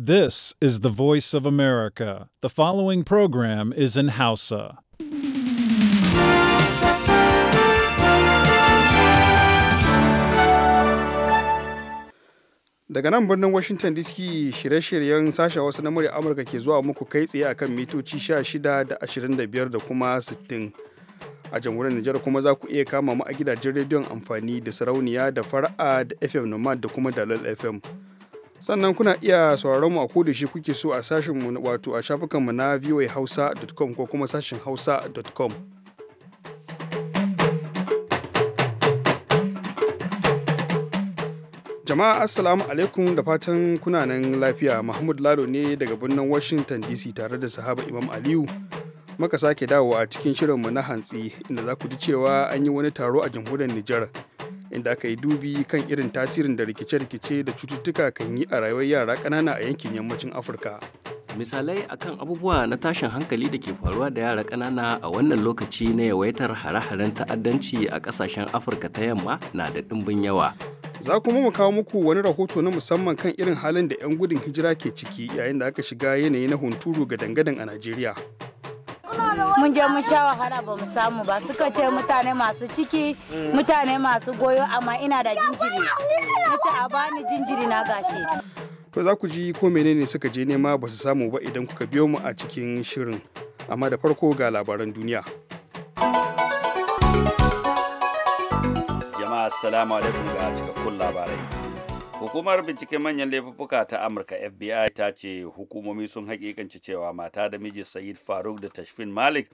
This is the voice of America. The following program is in Hausa. Daga nan birnin Washington DC shirye-shiryen sashen wasu na murya Amurka ke zuwa muku kai tsaye akan mitoci 16 da 25 da kuma 60. a jamhuriyar Nijar kuma za ku iya kama mu a gidajen rediyon amfani da sarauniya da fara'a da FM Nomad da kuma Dalal FM. sannan kuna iya sauraron mu a koda shi kuke so a sashen mu wato a shafukan mu na voahausa.com ko kuma sashen hausa.com jama'a assalamu alaikum da fatan kuna nan lafiya mahmud lado ne daga birnin washington dc tare da sahaba imam aliyu maka sake dawowa a cikin shirinmu na hantsi inda za ku ji cewa an yi wani taro a jamhuriyar nijar inda aka yi dubi kan irin tasirin da rikice-rikice da cututtuka kan yi a rayuwar yara ƙanana a yankin yammacin afirka misalai akan abubuwa na tashin hankali da ke faruwa da yara ƙanana a wannan lokaci na yawaitar hare-haren ta'addanci a ƙasashen afirka ta yamma na da ɗimbin yawa za kuma mu kawo muku wani rahoto na musamman kan irin halin da 'yan gudun hijira ke ciki yayin da aka shiga yanayi na hunturu ga dangadan a najeriya mun je mun sha wahala ba mu samu ba suka ce mutane masu ciki mm. mutane masu goyo amma ina da jinjiri na ce a bani jinjiri na gashi to za ku ji ko menene suka je nema ba su samu ba idan kuka biyo mu a cikin shirin amma da farko ga labaran duniya jama'a assalamu alaikum ga cikakkun labarai Hukumar binciken manyan laifuka ta Amurka FBI ta ce hukumomi sun hakikanci cewa mata da miji Sayid Faruk da Tashfin Malik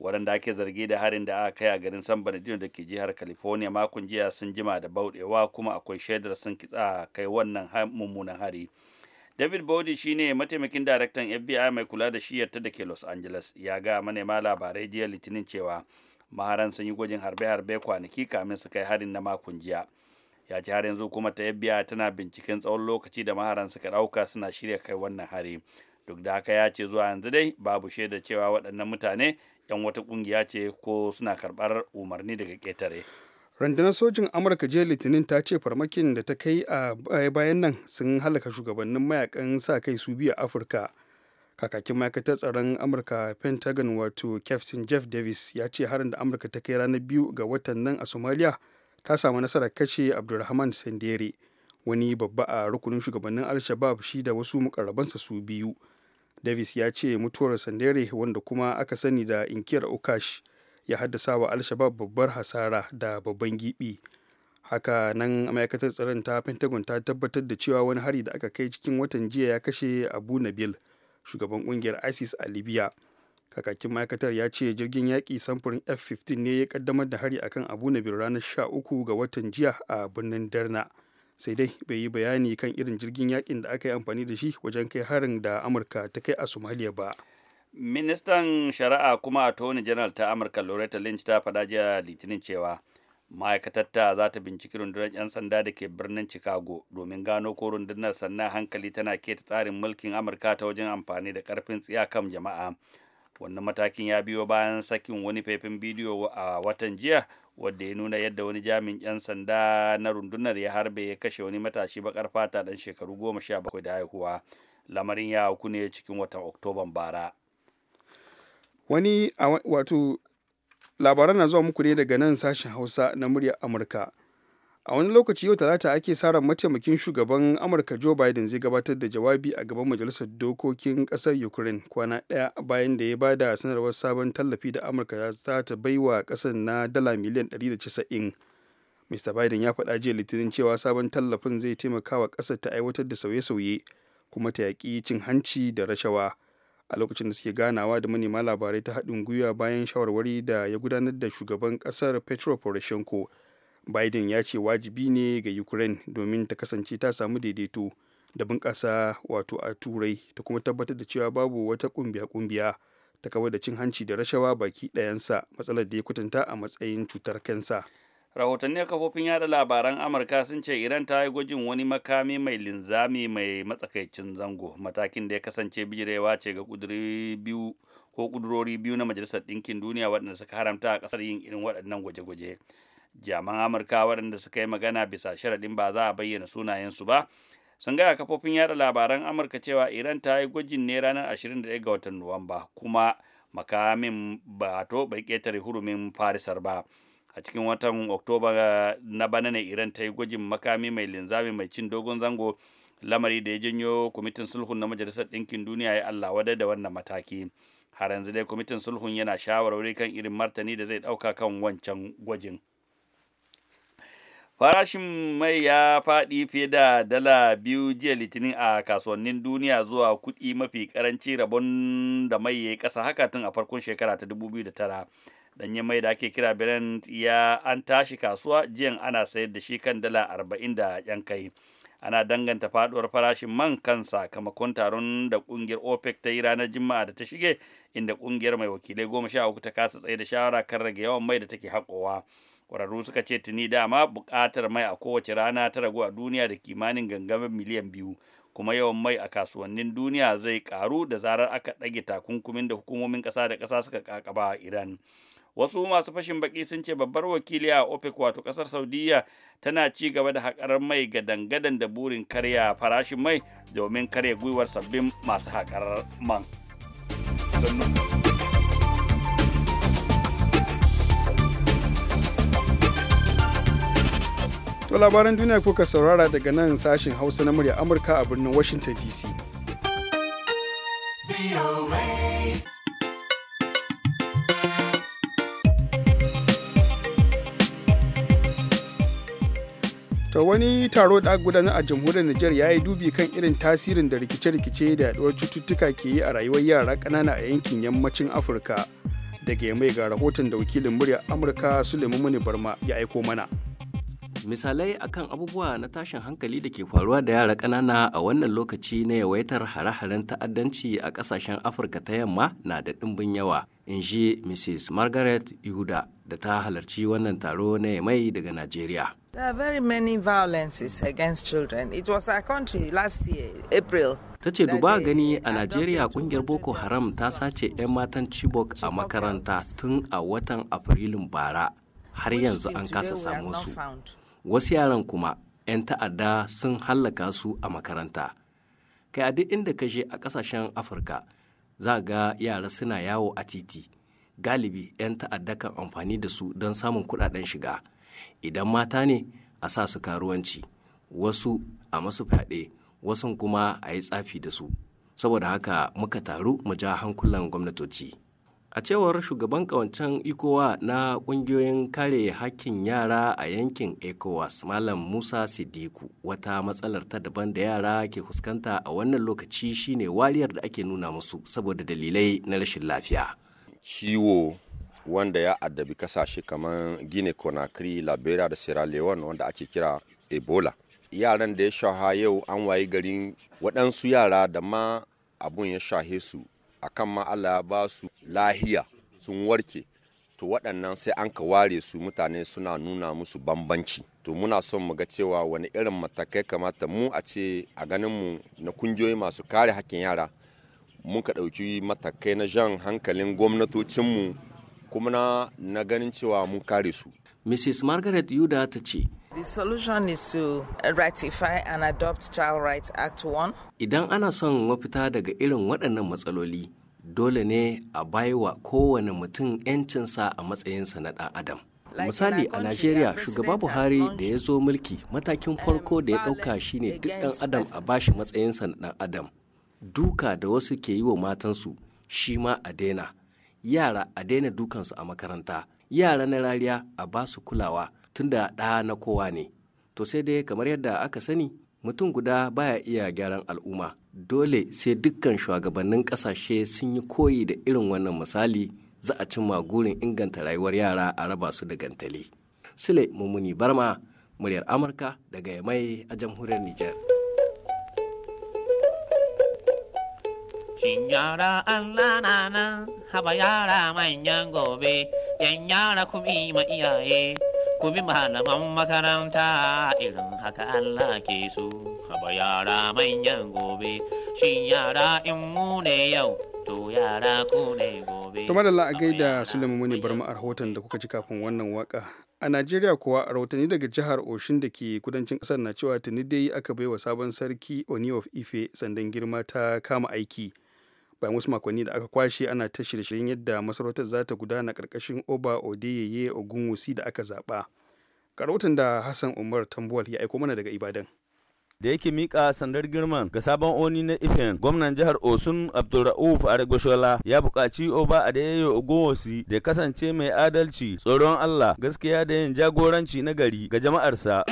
waɗanda ake zargi da harin da aka kai a garin San Bernardino da ke jihar California makon jiya sun jima da bauɗewa kuma akwai shaidar sun kitsa kai wannan mummunan hari. David Bowdy shine mataimakin daraktan FBI mai kula da shiyarta da ke Los Angeles ya ga manema labarai jiya Litinin cewa maharan sun yi gwajin harbe-harbe kwanaki kamin su kai harin na makon jiya. ya ce har yanzu kuma ta biya tana binciken tsawon lokaci da maharan suka ɗauka suna shirya kai wannan hari duk da haka ya ce zuwa yanzu dai babu shaida cewa waɗannan mutane 'yan wata ƙungiya ce ko suna karɓar umarni daga ƙetare rundunar sojin amurka jiya litinin ta ce farmakin da ta kai a bayan nan sun halaka shugabannin mayakan sa kai su biyu a afirka kakakin ma'aikatar tsaron amurka pentagon wato captain jeff davis ya ce harin da amurka ta kai ranar biyu ga watan nan a somalia ta samu nasarar kashe abdulrahman sandere wani babba a rukunin shugabannin al-shabab shi da wasu mukarrabansa su biyu davis ya ce mutuwar sandere wanda kuma aka sani da inkiyar okash ya haddasa wa al babbar hasara da babban gibi haka nan ma'aikatar tsaron ta pentagon ta tabbatar da cewa wani hari da aka kai cikin watan jiya ya kashe abu nabil shugaban kungiyar isis a libya kakakin ma'aikatar ya ce jirgin yaƙi samfurin f-15 ne ya kaddamar da hari akan abu na biyu ranar uku ga watan jiya a birnin darna sai dai bai yi bayani kan irin jirgin yaƙin da aka yi amfani da shi wajen kai harin da amurka ta kai a somaliya ba ministan shari'a kuma a attorney general ta amurka loretta lynch ta faɗa jiya litinin cewa ma'aikatar ta za ta binciki rundunar 'yan sanda da ke birnin chicago domin gano ko rundunar sannan hankali tana keta tsarin mulkin amurka ta wajen amfani da karfin tsiya kan jama'a wannan matakin ya biyo bayan sakin wani faifin bidiyo a watan jiya wadda ya nuna yadda wani jami'in 'yan sanda na rundunar ya harbe ya kashe wani matashi bakar fata dan shekaru goma sha bakwai da haihuwa lamarin ya auku ne cikin watan oktoban bara wani wato labaran na zuwa muku ne daga nan sashen hausa na muryar amurka a wani lokaci yau talata ake sa ran mataimakin shugaban amurka joe biden zai gabatar da jawabi a gaban majalisar dokokin kasar ukraine kwana daya bayan da ya bada sanarwar sabon tallafi da amurka za ta bai wa kasar na dala miliyan 190 mr biden ya faɗa jiya litinin cewa sabon tallafin zai taimaka wa kasar ta aiwatar da sauye-sauye kuma ta yaƙi cin hanci da rashawa a lokacin da suke ganawa da manema labarai ta haɗin gwiwa bayan shawarwari da ya gudanar da shugaban kasar petro poroshenko biden ya ce wajibi ne ga ukraine domin ta kasance ta samu daidaito da bunƙasa wato a turai ta kuma tabbatar da cewa babu wata kumbiya-kumbiya ta kawar da cin hanci da rashawa baki ɗayansa matsalar da ya kwatanta a matsayin cutar kansa rahotanni kafofin yada labaran amurka sun ce iran ta yi gwajin wani makami mai linzami mai matsakaicin zango matakin da ya kasance bijirewa ce ga kuduri biyu ko kudurori biyu na majalisar ɗinkin duniya waɗanda suka haramta a ƙasar yin irin waɗannan gwaje-gwaje jaman amurka waɗanda suka yi magana bisa sharaɗin ba za a bayyana sunayensu ba sun gaya kafofin yada labaran amurka cewa iran ta yi gwajin ne ranar 21 ga watan nuwamba kuma makamin to bai ƙetare hurumin farisar ba a cikin watan oktoba eh, na bana ne iran ta yi gwajin makami mai linzami mai cin dogon zango lamari da ya janyo kwamitin sulhun na majalisar ɗinkin duniya ya allah wada da wannan mataki har yanzu dai kwamitin sulhun yana shawarwari kan irin martani da zai ɗauka kan wancan gwajin. farashin mai ya faɗi fiye da dala biyu jiya litinin a kasuwannin duniya zuwa kuɗi mafi karanci rabon da mai ya ƙasa haka tun a farkon shekara ta 2009 danye mai da ake kira brent ya an tashi kasuwa jiyan ana sayar da shi kan dala 40 da yan kai ana danganta faɗuwar farashin man kan sakamakon taron da ƙungiyar opec ta yi ranar juma'a da ta shige inda kungiyar mai wakilai goma sha uku ta kasa tsaye da shawara kan rage yawan mai da take haƙowa kwararru suka ce tuni dama buƙatar mai a kowace rana ta ragu a duniya da kimanin gangamin miliyan biyu kuma yawan mai a kasuwannin duniya zai karu da zarar aka ɗage takunkumin da hukumomin ƙasa da ƙasa suka kakaba a iran wasu masu fashin baki sun ce babbar wakili a opec wato kasar saudiya tana ci gaba da haƙarar mai ga dangadan da burin karya farashin mai domin karya gwiwar sabbin masu haƙarar man To labaran duniya kuka saurara daga nan sashen Hausa na murya Amurka a birnin Washington DC. ta wani taro da gudanar a jamhuriyar Nijar ya yi dubi kan irin tasirin da rikice-rikice da yaduwar cututtuka ke yi a rayuwar yara ƙanana a yankin yammacin Afirka. Daga mai ga rahoton da wakilin murya Amurka Suleiman Muni Barma ya aiko mana. misalai akan abubuwa na tashin hankali da ke faruwa da yara ƙanana a wannan lokaci na yawaitar hare-haren ta'addanci a ƙasashen afirka ta yamma na da ɗimbin yawa in ji mrs margaret yuda da ta halarci wannan taro na yamai daga nigeria. There are very many violences against children. It was our country last year, April. ta ce duba gani a najeriya kungiyar boko haram ta sace 'yan matan chibok a makaranta tun a watan afrilun bara har yanzu an kasa samu su wasu yaran kuma 'yan ta'adda sun hallaka su a makaranta kai a duk inda ka je a ƙasashen afirka za ga yara suna yawo a titi galibi 'yan ta'adda kan amfani da su don samun kuɗaɗen shiga idan mata ne a sa su karuwanci wasu a masu fyaɗe wasu kuma a yi tsafi da su saboda haka muka taru mu ja hankulan gwamnatoci A cewar shugaban kawancen ikowa na kungiyoyin kare hakkin yara a yankin ECOWAS Malam Musa Sidiku wata matsalar ta daban da yara ke fuskanta a wannan lokaci shine wariyar da ake nuna musu saboda dalilai na rashin lafiya. Ciwo wanda ya addabi kasashe kamar Guinea Conakry, Liberia da Sierra Leone wanda ake kira Ebola. Yaran da ya shaha yau an waye garin waɗansu yara da ma abun ya shahe su a kan ma Allah ya ba su lahiya sun warke to waɗannan sai an ka ware su mutane suna nuna musu bambanci to muna son mu ga cewa wani irin matakai kamata mu a ce a ganin mu na kungiyoyi masu kare hakkin yara mun ka ɗauki matakai na jan hankalin mu kuma na ganin cewa mun kare su mrs margaret yuda ta ce Idan ana son mafita daga irin waɗannan matsaloli, dole ne a baiwa kowane mutum 'yancinsa a matsayinsa na ɗan adam. misali a najeriya shugaba buhari da ya zo mulki matakin farko da ya ɗauka shine duk ɗan adam a bashi matsayinsa na ɗan adam duka da wasu ke yi wa matansu shi ma a daina yara a daina dukansu a makaranta yara na rariya a basu kulawa tunda ɗa na kowa ne to sai dai kamar yadda aka sani mutum guda baya iya gyaran al'umma dole sai dukkan shugabannin ƙasashe sun yi koyi da irin wannan misali za a cimma gurin inganta rayuwar yara a raba su da gantali sule mummuni barma muryar amurka daga yamai a jamhuriyar niger Shin yara Allah na nan, haba yara manyan gobe, yan yara kuma ma iyaye. ku bi malaman makaranta irin haka Allah ke so, haba yara manyan gobe, shin yara in mu ne yau, to yara ku ne gobe. to madalla a gaida Sulaiman Muni bar a rahoton da kuka ji kafin wannan waka. A Najeriya kuwa rahotanni daga jihar Oshin da ke kudancin ƙasar na cewa tuni dai aka baiwa sabon sarki Oni of Ife sandan girma ta kama aiki. bayan wasu makonni da aka kwashe ana ta shirye-shiryen yadda masarautar za ta gudana karkashin oba odeyeye ogunwusi da aka zaba karotan da hassan umar tambuwal ya aiko mana daga ibadan da yake mika sandar girman ga sabon oni na ifen gwamnan jihar osun abdulra'uf aregoshola ya buƙaci oba a adeyo ogunwosi da kasance mai adalci tsoron allah gaskiya da yin jagoranci na gari ga jama'arsa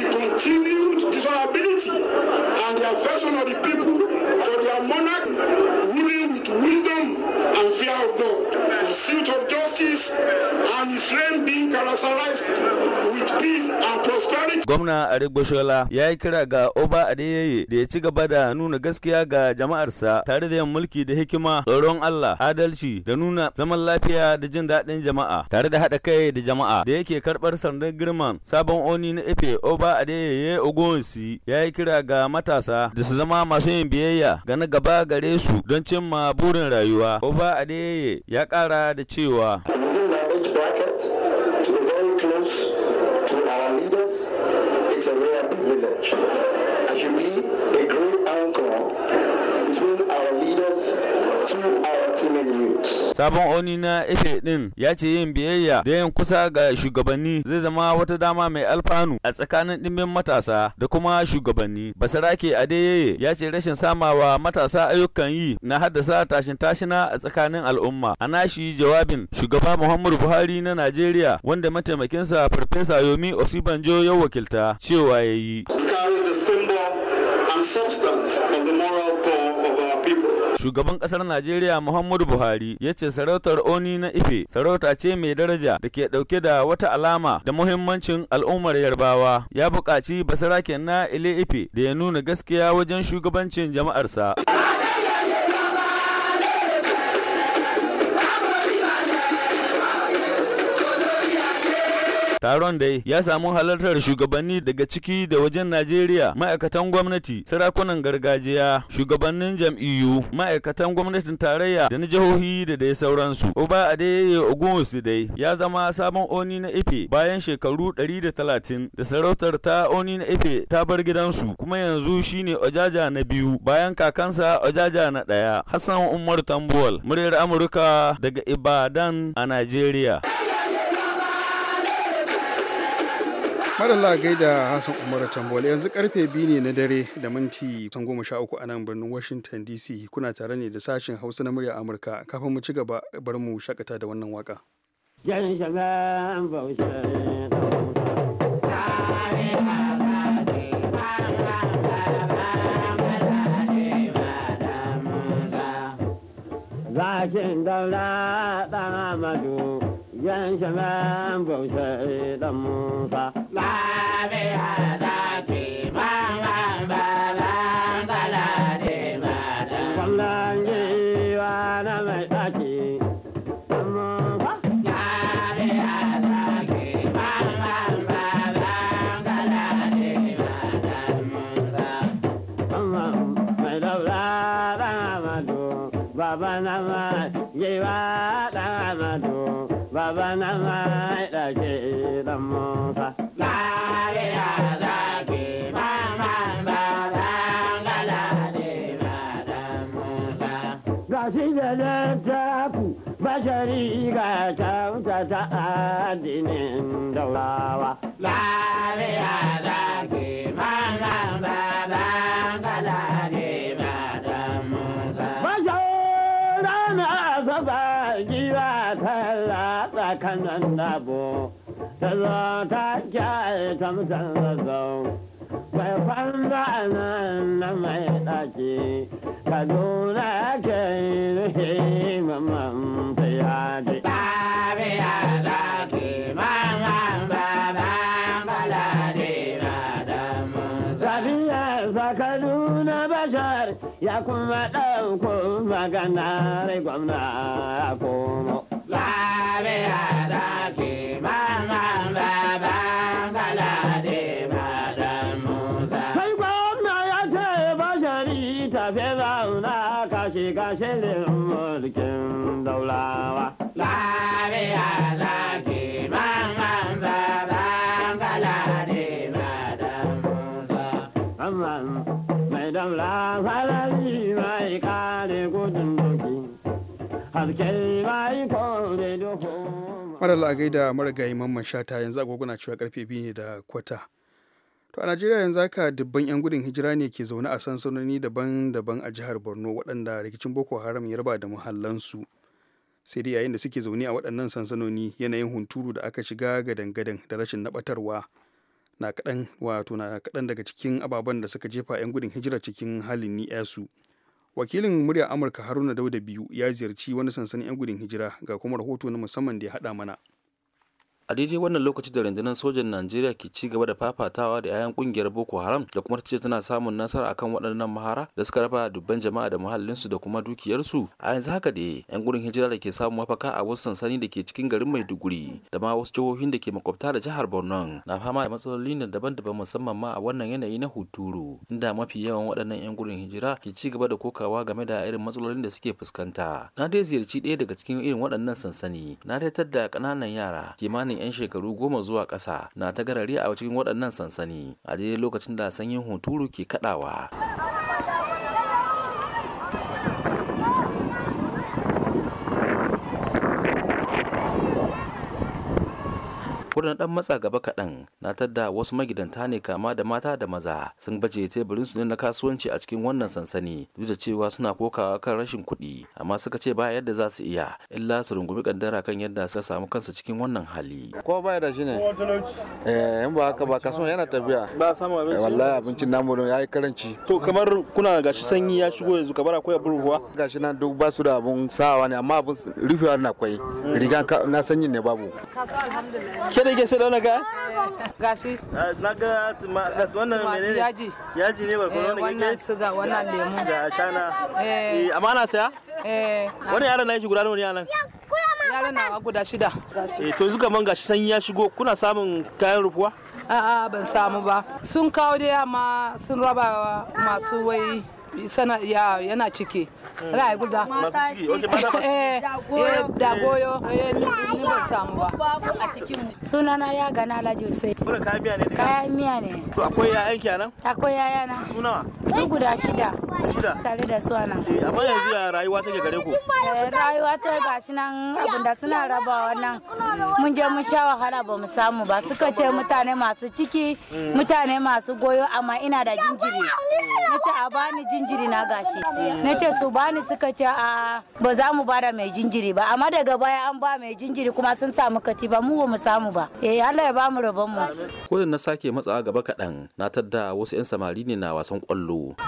would have given justice and Gwamna Aregbesola ya yi kira ga Oba Adeyeye da ya ci gaba da nuna gaskiya ga jama'arsa tare da yin mulki da hikima, tsoron Allah, adalci da nuna zaman lafiya da jin daɗin jama'a tare da haɗa kai da jama'a da yake karɓar sandan girman sabon oni na Efe Oba Adeyeye Ogunsi ya yi kira ga matasa da su zama masu yin biyayya ga na gaba gare su don cimma burin rayuwa. Oba Adeyeye ya ƙara da cewa Sabon oni na Efe din ya ce yin biyayya da yin kusa ga shugabanni zai zama wata dama mai alfanu a tsakanin dimbin matasa da kuma shugabanni. Basarake Adeyeye ya ce rashin samawa matasa ayyukan yi na haddasa tashin tashina a tsakanin al'umma. A nashi jawabin shugaba Muhammadu Buhari na Najeriya wanda mataimakin sa Farfesa Yomi Osibanjo ya wakilta cewa ya yi. Substance of the moral Shugaban ƙasar Najeriya Muhammadu Buhari ya ce sarautar Oni na Ife sarauta ce mai daraja da ke ɗauke da wata alama da muhimmancin al'ummar Yarbawa. Ya buƙaci basaraken na Ile Ife da ya nuna gaskiya wajen shugabancin jama'arsa. Taron dai ya samu halartar shugabanni daga ciki da wajen Najeriya, ma'aikatan gwamnati, sarakunan gargajiya, shugabannin jam'iyyu, ma'aikatan gwamnatin tarayya da na jihohi da dai sauransu. Oba Adeyeye Ogunwusi dai ya zama sabon Oni na Ife bayan shekaru 130 da sarautar ta Oni na Ife ta bar gidansu kuma yanzu shine Ojaja na biyu bayan kakansa Ojaja na ɗaya. Hassan Umar Tambuwal, muryar Amurka daga Ibadan a Najeriya. Madalla gaida Hassan Umar Tambol yanzu karfe biyu ne na dare da minti kusan sha uku a nan birnin Washington DC kuna tare ne da sashen Hausa na murya Amurka kafin mu ci gaba bar mu shakata da wannan waka. Jan daura ɗan amadu yan shaman musa. dinin daurawa. Lariya za ki malam baban gada ne madan Musa. Bashin rana saba giwa talla tsakanin dabo, ta zo ta kyale ta mutan zazzau. Bai fanda nan na mai ka Kaduna ke rufe mamman fiye da. Tariya ya kuma ɗauko rai gwamna ko mai la'agai da marigayi mamman shata yanzu agogona cewa karfe biyu ne da kwata to a najeriya yanzu aka dubban 'yan gudun hijira ne ke zaune a sansanoni daban-daban a jihar borno waɗanda rikicin boko haram ya raba da muhallansu sai dai yayin da suke zaune a waɗannan sansanoni yanayin hunturu da aka shiga gadan-gadan da rashin nabatarwa na kaɗan wato na kaɗan daga cikin ababen da suka jefa 'yan gudun hijira cikin halin ni'yasu. wakilin muryar amurka haruna dauda biyu ya ziyarci wani sansanin 'yan gudun hijira ga kuma rahoto na musamman da ya haɗa mana a daidai wannan lokaci da rundunar sojan najeriya ke ci gaba da fafatawa da 'ya'yan kungiyar boko haram da kuma ce tana samun nasara akan waɗannan mahara da suka raba dubban jama'a da muhallinsu da kuma dukiyarsu a yanzu haka da 'yan gudun hijira da ke samun mafaka a wasu sansani da ke cikin garin maiduguri da ma wasu jihohin da ke makwabta da jihar borno na fama da matsaloli na daban-daban musamman ma a wannan yanayi na huturu inda mafi yawan waɗannan 'yan gudun hijira ke ci gaba da kokawa game da irin matsalolin da suke fuskanta na dai ziyarci ɗaya daga cikin irin waɗannan sansani na daitar da ƙananan yara kimanin 'yan shekaru goma zuwa ƙasa na ta a cikin waɗannan sansani a daidai lokacin da sanyin hunturu ke kaɗawa. ko da ɗan matsa gaba kaɗan na tadda wasu magidanta ne kama da mata da maza sun baje teburin su ne na kasuwanci a cikin wannan sansani duk da cewa suna kokawa kan rashin kuɗi amma suka ce ba yadda za su iya illa su rungumi kaddara kan yadda suka samu kansu cikin wannan hali ko ba da shi ne eh in ba haka ba kasuwan yana tafiya ba samu abinci eh, wallahi abincin namu ya yi karanci to kamar kuna gashi sanyi ya shigo yanzu kamar akwai abin ruwa gashi nan duk ba su da abun sawa ne amma abun rufewa na kwai riga na sanyin ne babu kasuwa alhamdulillah ke da ke sai launa ah, Ga gashi na ga wannan ne? yaji yaji ne barkono eh, ne wannan suga wannan lemu Ga shana eh. eh amma ana saya eh yaran na shi guda nawa ne anan yaran na guda shida eh to yanzu kaman gashi sanyi ya shigo kuna samun kayan rufuwa a'a ban samu ba sun kawo da amma sun raba masu wai sana ya yana ciki rai guda eh, eh, da goyo eh, ni ban samu ba sunana ya gana lajo sai kuma miya ne kayan miya ne to akwai yayan ki anan akwai yaya na su nawa su guda shida shida tare da su anan amma yanzu ya rayuwa take gare ku rayuwa ta shi nan abinda suna rabawa nan mun je mun sha wahala ba mu samu ba suka ce mutane masu ciki mm. mutane masu goyo amma ina da jinjiri mace a bani jinjiri jinjiri na gashi na ce su bani suka ce a ba za mu bada mai jinjiri ba amma daga baya an ba mai jinjiri kuma sun samu katifa mu ba mu samu ba eh Allah ya ba mu rabon mu ko da na sake matsawa gaba kaɗan na tadda wasu 'yan samari ne na wasan kwallo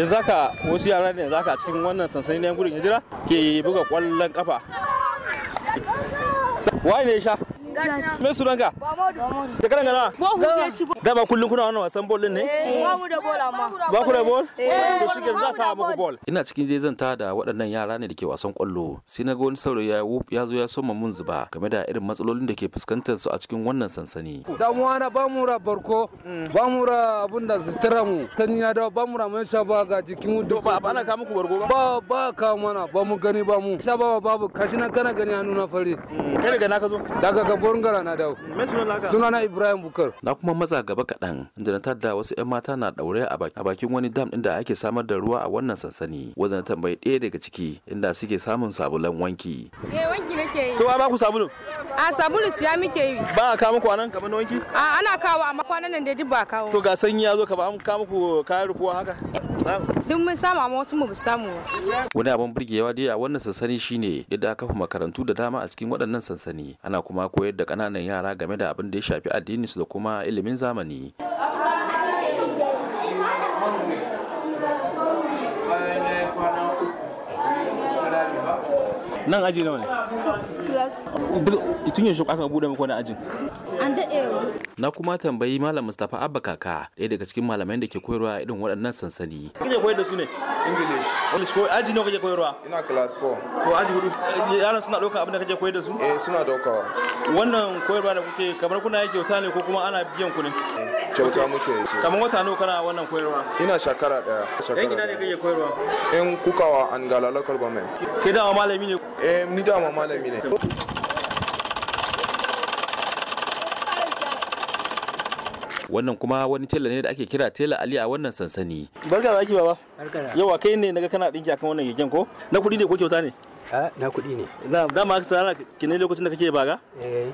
ya zaka wasu yara ne zaka cikin wannan sansani na gudun hijira ke buga kwallon kafa wani ne sha Me Da karan gana? ba kullun kuna wannan wasan bol din ne? Eh, ba mu da bol eh, amma. Ba ku da bol? Eh, to shi za sa muku bol. Ina cikin je zan da waɗannan yara ne da ke wasan kwallo. Sai na ga wani ya wuf ya zo ya soma mun zuba game da irin matsalolin da ke fuskantar su a cikin wannan sansani. Damuwa na ba mu ra barko, ba mu ra abun da sutura mu. Tanya da ba mu ra mun sha ba ga jikin mu. Ba ba ana ka muku barko ba? Ba ba ka mana ba mu gani ba mu. Sha ba babu kashi na kana gani hannu na fari. Kai daga na ka zo? Daga ka saurin gara na dawo sunana ibrahim bukar na kuma matsa gaba kaɗan inda na tada wasu 'yan mata na ɗaure a bakin wani dam ɗin da ake samar da ruwa a wannan sansani wanda na tambayi ɗaya daga ciki inda suke samun sabulan wanki eh wanki nake yi to a baku sabulu a sabulu siya muke yi ba a kawo muku anan kamar wanki a ana kawo amma kwanan nan da duk ba kawo to ga sanyi ya zo ka ba an kawo muku kayan rufuwa haka eh, duk mun samu amma wasu mu samu wani abin burgewa dai a wannan sansani shine yadda aka fi makarantu da dama a cikin waɗannan sansani ana kuma koyar da ƙananan yara game da abin da ya shafi addinin su da kuma ilimin zamani nan aji nawa ne tun yaushe aka bude muku wani ajin an daɗe na kuma tambayi malam mustapha abba kaka ɗaya daga cikin malamai da ke koyarwa irin waɗannan sansani Kuke koyar da su ne english english ko aji nawa kake koyarwa ina class 4 ko aji hudu eh, yaran suna ɗauka abin da kake koyar da su eh suna ɗaukawa wannan koyarwa da kuke kamar kuna yi kyauta ne ko kuma ana biyan ku ne eh, kyauta muke yi. kamar wata nawa kana wannan koyarwa ina shekara daya shekara gida ne kake koyarwa Yan kukawa an ga local government Kai dama malami ne eh ni dama malami ne wannan kuma wani tela ne da ake kira tela ali a wannan sansani barka da ake baba yawa kai ne naga kana dinki akan wannan keken ko na kuɗi ne ko kyauta ne na kuɗi ne dama aka sanar ki ne lokacin da kake baga eh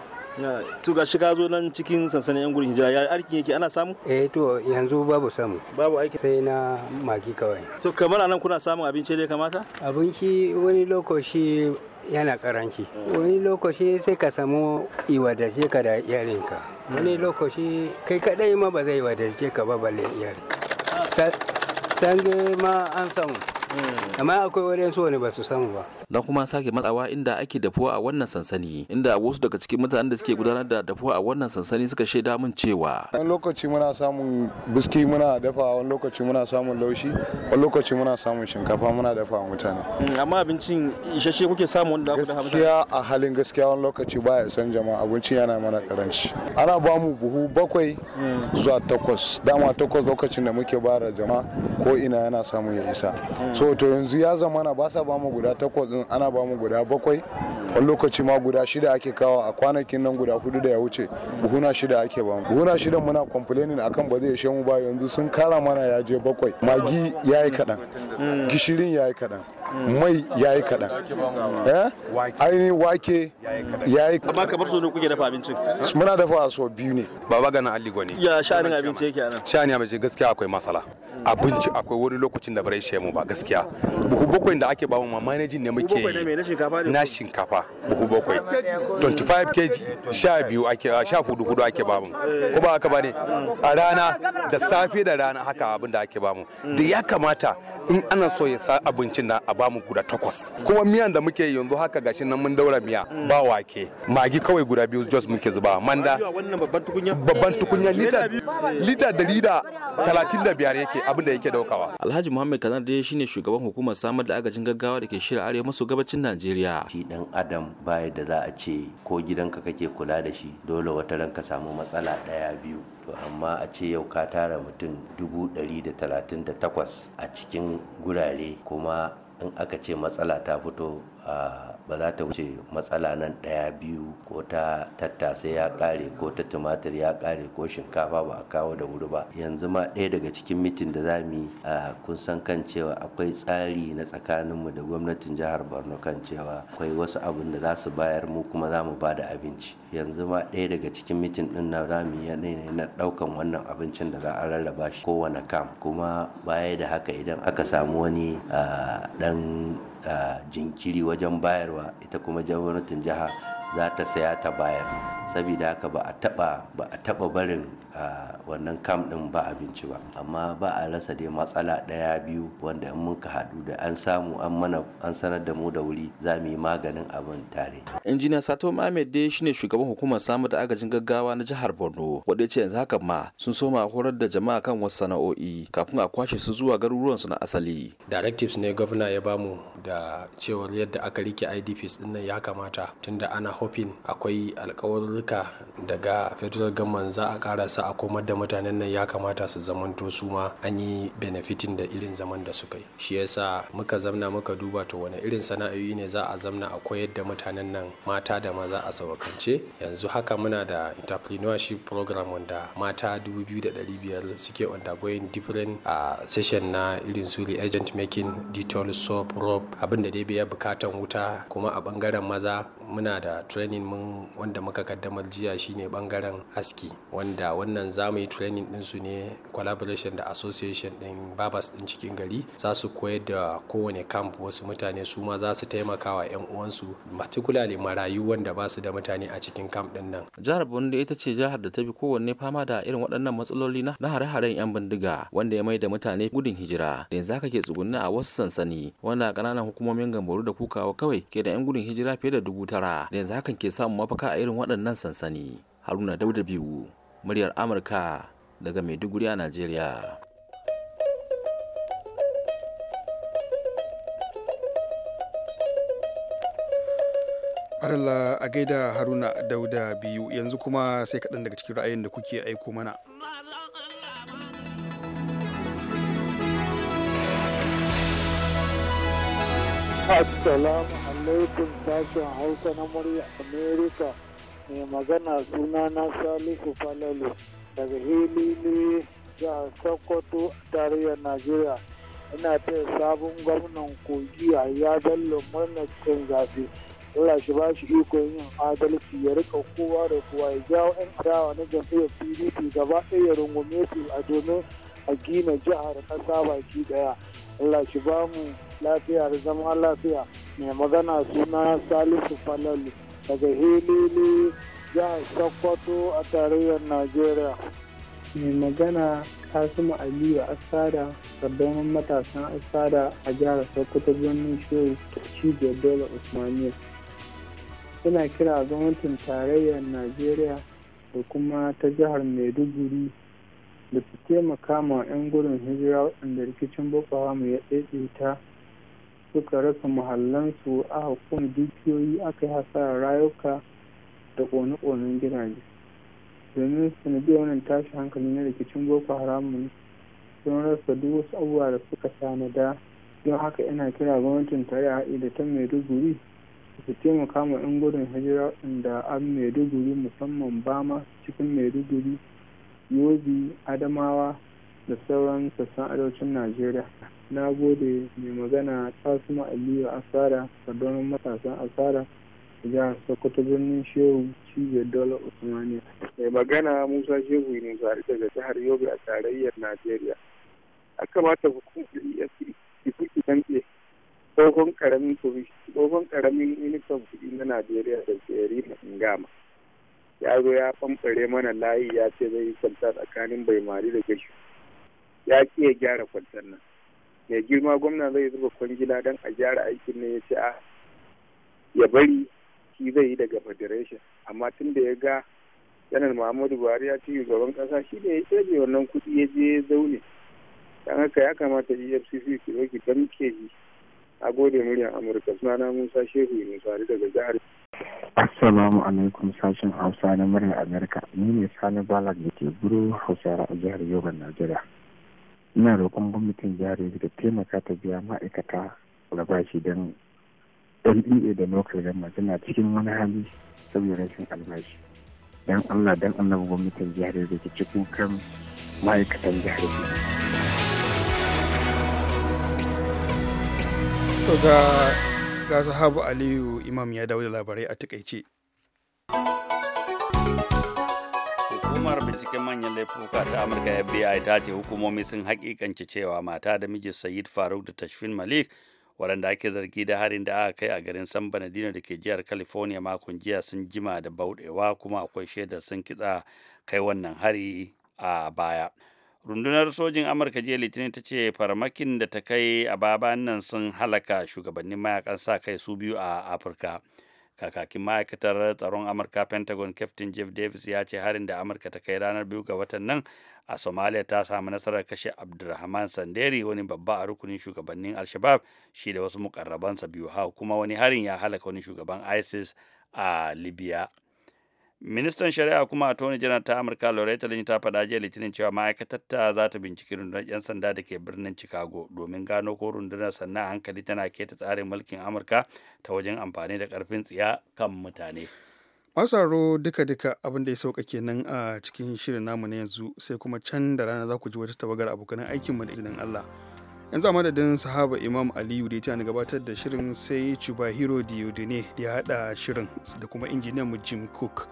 to ga shiga zo nan cikin sansanin yan gudun hijira ya aikin yake ana samu eh to yanzu babu samu babu aiki sai na magi kawai to kamar anan kuna samun abinci da kamata abinci wani lokaci yana karanci mm. wani lokaci sai ka samu iwadace ka da iyalinka wani lokaci kai kadai ma ba zai wadace ka ba balle iyar sange ma an samu hmm. amma akwai wadansu wani ba su samu ba don kuma sake matsawa inda ake dafuwa a wannan sansani inda wasu daga cikin mutanen da suke gudanar da dafuwa a wannan sansani suka shaida mun cewa wani lokaci muna samun biski muna dafa wani lokaci muna samun laushi wani lokaci muna samun shinkafa muna dafawa mutane hmm, amma abincin isasshe kuke samu wanda ku da gaskiya a halin gaskiya wani lokaci baya san jama'a abincin yana mana karanci ana ba mu buhu bakwai zuwa takwas dama takwas lokacin da muke da jama'a ko ina yana samun ya isa hmm. so to yanzu ya zamana ba sa ba mu guda takwas yanzu ana ba mu guda bakwai wani lokaci ma guda shida ake kawo a kwanakin nan guda hudu da ya wuce buhuna shida ake ba buhuna shida muna complaining akan ba zai shan mu ba yanzu sun kara mana ya je bakwai magi ya yi kaɗan gishirin ya yi kaɗan mai ya yi kaɗan eh? ainihin wake ya yi amma kamar sau kuke dafa abincin muna dafa a so biyu ne baba ganin ali gwani ya sha'anin abinci yake anan sha'anin abinci gaskiya akwai masala abinci akwai wani lokacin da barai shemu ba gaskiya buhu bakwai da ake bamu ma manajin ne muke yi na shinkafa buhu bakwai 25 kg sha biyu ake sha hudu hudu ake bamu eh. ko ba haka bane a rana da safe da rana haka abin da ake bamu da ya kamata in ana so ya sa abincin na ba mu guda takwas kuma miyan da muke yanzu haka gashi nan mun daura miya ba wake magi kawai guda biyu jos muke zuba manda babban tukunya lita lita dari da talatin da biyar yake abin da yake daukawa alhaji muhammad kanar dai shine shugaban hukumar samar da agajin gaggawa da ke shirya arewa maso gabacin najeriya shi dan adam baya da za a ce ko gidanka kake kula da shi dole wata ran ka samu matsala daya biyu to amma a ce yau ka tara mutum 138 a cikin gurare kuma in aka ce matsala ta fito ba za ta wuce matsala nan ɗaya biyu ko ta tattasai ya ƙare ko ta tumatir ya ƙare ko shinkafa ba a kawo da wuri ba yanzu ma ɗaya daga cikin mitin da za mu yi kun san kan cewa akwai tsari na tsakaninmu da gwamnatin jihar borno kan cewa akwai wasu abin da za su bayar mu kuma za mu ba da abinci yanzu ma ɗaya daga cikin mitin ɗin na za mu yi na ɗaukan wannan abincin da za a rarraba shi kowane kam kuma baya da haka idan aka samu wani ɗan jinkiri wajen bayarwa ita kuma gwamnatin jiha za ta saya ta bayar saboda haka ba a taba ba a taba barin wannan kam din ba abinci ba amma ba a rasa dai matsala daya biyu wanda in mun ka hadu da an samu an mana an sanar da mu da wuri za mu yi maganin abin tare injiniya sato mamed dai shine shugaban hukumar samar da agajin gaggawa na jihar borno wanda ya ce yanzu haka ma sun soma horar da jama'a kan wasu sana'o'i kafin a kwashe su zuwa garuruwansu na asali directives ne gwamna ya bamu da cewar yadda aka rike idps din nan ya kamata tunda ana hoping akwai alkawarin ƙauyuka daga federal gamman za a sa a komar da mutanen nan ya kamata su zamanto su ma an yi benefitin da irin zaman da suka yi shi yasa muka zamna muka duba to wani irin sana'o'i ne za a zamna a koyar da mutanen nan mata da maza a sawakance yanzu haka muna da entrepreneurship program wanda mata dubu biyu da biyar suke undergoing different a session na irin su agent making detail soap rope abin da dai biya bukatan wuta kuma a bangaren maza muna da training mun wanda muka kaddamar jiya shine bangaren aski wanda wannan za mu yi training ɗinsu ne collaboration da association ɗin babas din cikin gari za su koyar da kowane camp wasu mutane su ma za su taimaka wa 'yan uwansu particularly marayu wanda ba su da mutane a cikin camp ɗin nan. Jihar Borno ita ce jihar da ta fi kowanne fama da irin waɗannan matsaloli na hare-haren 'yan bindiga wanda ya mai da mutane gudun hijira da yanzu haka ke tsugunni a wasu sansani wanda kananan hukumomin gambaru da Kukawa kawai ke da 'yan gudun hijira fiye da dubu ta shekara da yanzu hakan ke samun mafaka a irin waɗannan sansani haruna dauda biyu muryar amurka daga maiduguri a nigeria. Allah a gaida haruna dauda biyu yanzu kuma sai kaɗan daga cikin ra'ayin da kuke aiko mana Assalamu alaikum sashen hausa na murya amerika mai magana suna na salisu falalu daga hilili jihar sokoto tarayyar najeriya ina taya sabon gwamnan kogi a ya bello murnar cin zafi Allah shi ba shi yin adalci ya rika kowa da kowa ya jawo 'yan adawa na jam'iyyar pdp gaba ɗaya rungume su a domin a gina jihar ƙasa baki ɗaya Allah shi ba mu lafiya da zama lafiya mai magana suna salisu falalu daga hilili jihar sokoto a tarayyar najeriya mai magana kasimu aliyu asada sabbin matasan asada a jihar sokoto birnin shehu cibiyar dole usmaniya suna kira gwamnatin tarayyar najeriya da kuma ta jihar maiduguri da su taimaka ma 'yan gudun hijira waɗanda rikicin boko haram ya ta suka rasa muhallansu aka kuma dukiyoyi aka yi hasarar rayuka da ƙone-ƙonen gidaje domin sanadiyar wannan tashi hankali na rikicin boko haramun sun rasa duk wasu abubuwa da suka da. don haka yana kira gwamnatin tarayya da ta maiduguri su taimaka ma 'yan gudun hijira da an maiduguri musamman bama cikin maiduguri yobi adamawa da sauran sassan arewacin najeriya na gode mai magana ta suma aliyu asara sadonin matasan asara jihar sokoto birnin shehu cibiyar Dola usmaniya mai magana musa shehu ne zari daga jihar yobe a tarayyar najeriya a kamata hukumar efcc fi dantse tsohon karamin tsohon karamin kuɗi na najeriya da jerry Ingama. ya zo ya famfare mana layi ya ce zai yi kwanta tsakanin baimari da gashi ya ki ya gyara kwantar nan mai girma gwamna zai zuba kwangila don a gyara aikin ne ya ce a ah, ya bari shi zai yi daga federation amma tun da ya ga janar muhammadu buhari ya ci shugaban kasa shi ne ya keɓe wannan kuɗi ya je zaune don haka ya kamata efcc ki zo don damke a gode muryar amurka suna na musa shehu tare daga jihar Assalamu alaikum sashen Hausa na murya amurka Ni ne Sani Balak da ke buru Hausa a jihar Yoruba, Najeriya. ina roƙon gwamnatin jihar yanzu da taimaka ta biya ma'aikata albashi don NDA e da local government cikin wani hali saboda rashin albashi don Allah don annabi gwamnatin jihar yanzu ta cikin kan ma'aikatan jihar yanzu. To ga sahabu Aliyu Imam ya dawo da labarai a takaice. binciken manyan laifuka ta amurka fbi ta ce hukumomi sun hakikanci cewa mata da mijin sayid faruk da tashfin malik waɗanda ake zargi da harin da aka kai a garin san banadino da ke jihar california makon jiya sun jima da bauɗewa kuma akwai shaidar sun kitsa kai wannan hari a baya rundunar sojin amurka jiya litinin ta ce farmakin da ta kai a baban nan sun halaka shugabannin mayakan sa kai su biyu a afirka kakakin ma'aikatar tsaron amurka pentagon captain jeff davis ya ce harin da amurka ta kai ranar biyu ga watan nan a somalia ta samu nasarar kashe abdulrahman sanderi wani babba a rukunin shugabannin al-shabab shi da wasu mukarrabansa biyu ha kuma wani harin ya halaka wani shugaban isis a libya ministan shari'a kuma a Tony janar ta amurka loretta lynch ta faɗa jiya litinin cewa ma'aikatar ta za ta binciki rundunar 'yan sanda da ke birnin chicago domin gano ko rundunar sannan hankali tana keta tsarin mulkin amurka ta wajen amfani da karfin tsiya kan mutane masaro duka-duka abin da ya sauka kenan a cikin shirin namu na yanzu sai kuma can da rana za ku ji wata tawagar aikin aikinmu da izinin allah yanzu a madadin sahaba imam aliyu da ya tana gabatar da shirin sai chubahiro diodine da ya haɗa shirin da kuma injiniyan mu jim cook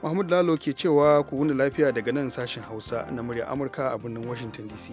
Mahmud Lalo ke cewa ku wuni lafiya daga nan sashen Hausa na murya Amurka a birnin Washington DC.